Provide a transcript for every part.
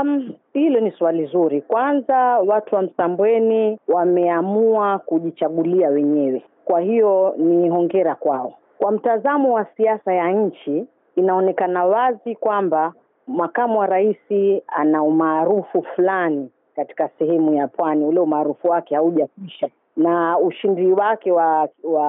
Um, hilo ni swali zuri. Kwanza watu wa Msambweni wameamua kujichagulia wenyewe, kwa hiyo ni hongera kwao. Kwa mtazamo wa siasa ya nchi, inaonekana wazi kwamba makamu wa rais ana umaarufu fulani katika sehemu ya pwani, ule umaarufu wake haujakwisha, na ushindi wake wa wa,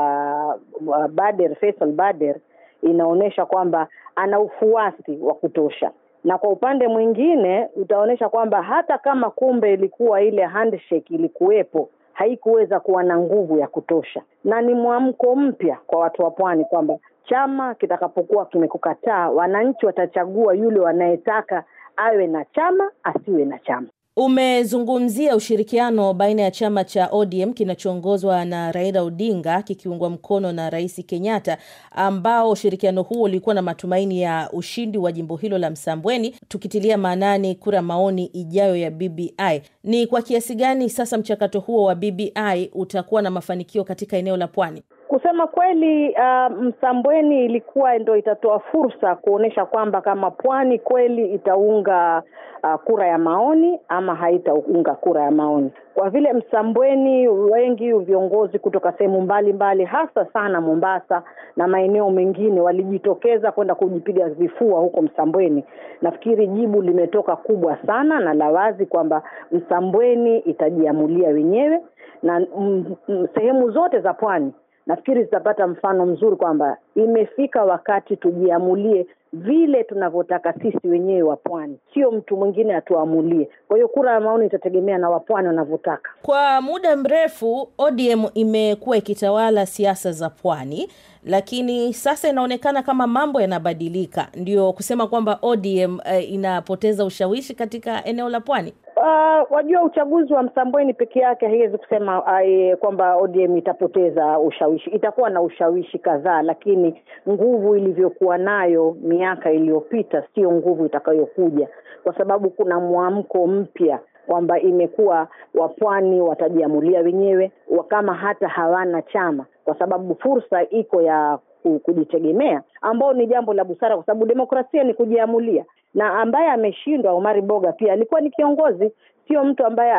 wa Bader Faisal Bader inaonyesha kwamba ana ufuasi wa kutosha na kwa upande mwingine utaonyesha kwamba hata kama kumbe ilikuwa ile handshake ilikuwepo haikuweza kuwa na nguvu ya kutosha, na ni mwamko mpya kwa watu wa pwani kwamba chama kitakapokuwa kimekukataa, wananchi watachagua yule wanayetaka awe na chama asiwe na chama umezungumzia ushirikiano baina ya chama cha ODM kinachoongozwa na Raila Odinga kikiungwa mkono na Rais Kenyatta, ambao ushirikiano huo ulikuwa na matumaini ya ushindi wa jimbo hilo la Msambweni, tukitilia maanani kura maoni ijayo ya BBI. Ni kwa kiasi gani sasa mchakato huo wa BBI utakuwa na mafanikio katika eneo la Pwani? Kusema kweli, uh, Msambweni ilikuwa ndo itatoa fursa kuonyesha kwamba kama pwani kweli itaunga uh, kura ya maoni ama haitaunga kura ya maoni, kwa vile Msambweni wengi viongozi kutoka sehemu mbalimbali, hasa sana Mombasa na maeneo mengine, walijitokeza kwenda kujipiga vifua huko Msambweni. Nafikiri jibu limetoka kubwa sana na la wazi kwamba Msambweni itajiamulia wenyewe na mm, mm, sehemu zote za pwani nafikiri zitapata mfano mzuri kwamba imefika wakati tujiamulie vile tunavyotaka sisi wenyewe wapwani, sio mtu mwingine atuamulie. Kwa hiyo kura ya maoni itategemea na wapwani wanavyotaka. Kwa muda mrefu ODM imekuwa ikitawala siasa za pwani, lakini sasa inaonekana kama mambo yanabadilika, ndio kusema kwamba ODM eh, inapoteza ushawishi katika eneo la pwani uh, wajua uchaguzi wa Msambweni peke yake haiwezi kusema uh, kwamba ODM itapoteza ushawishi, itakuwa na ushawishi kadhaa, lakini nguvu ilivyokuwa nayo miaka iliyopita sio nguvu itakayokuja, kwa sababu kuna mwamko mpya kwamba imekuwa wapwani watajiamulia wenyewe, kama hata hawana chama, kwa sababu fursa iko ya kujitegemea, ambao ni jambo la busara, kwa sababu demokrasia ni kujiamulia. Na ambaye ameshindwa, Omari Boga pia alikuwa ni kiongozi, sio mtu ambaye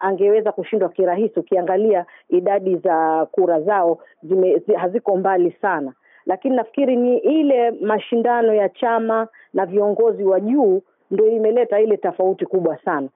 angeweza kushindwa kirahisi. Ukiangalia idadi za kura zao zime, haziko mbali sana, lakini nafikiri ni ile mashindano ya chama na viongozi wa juu ndo imeleta ile tofauti kubwa sana.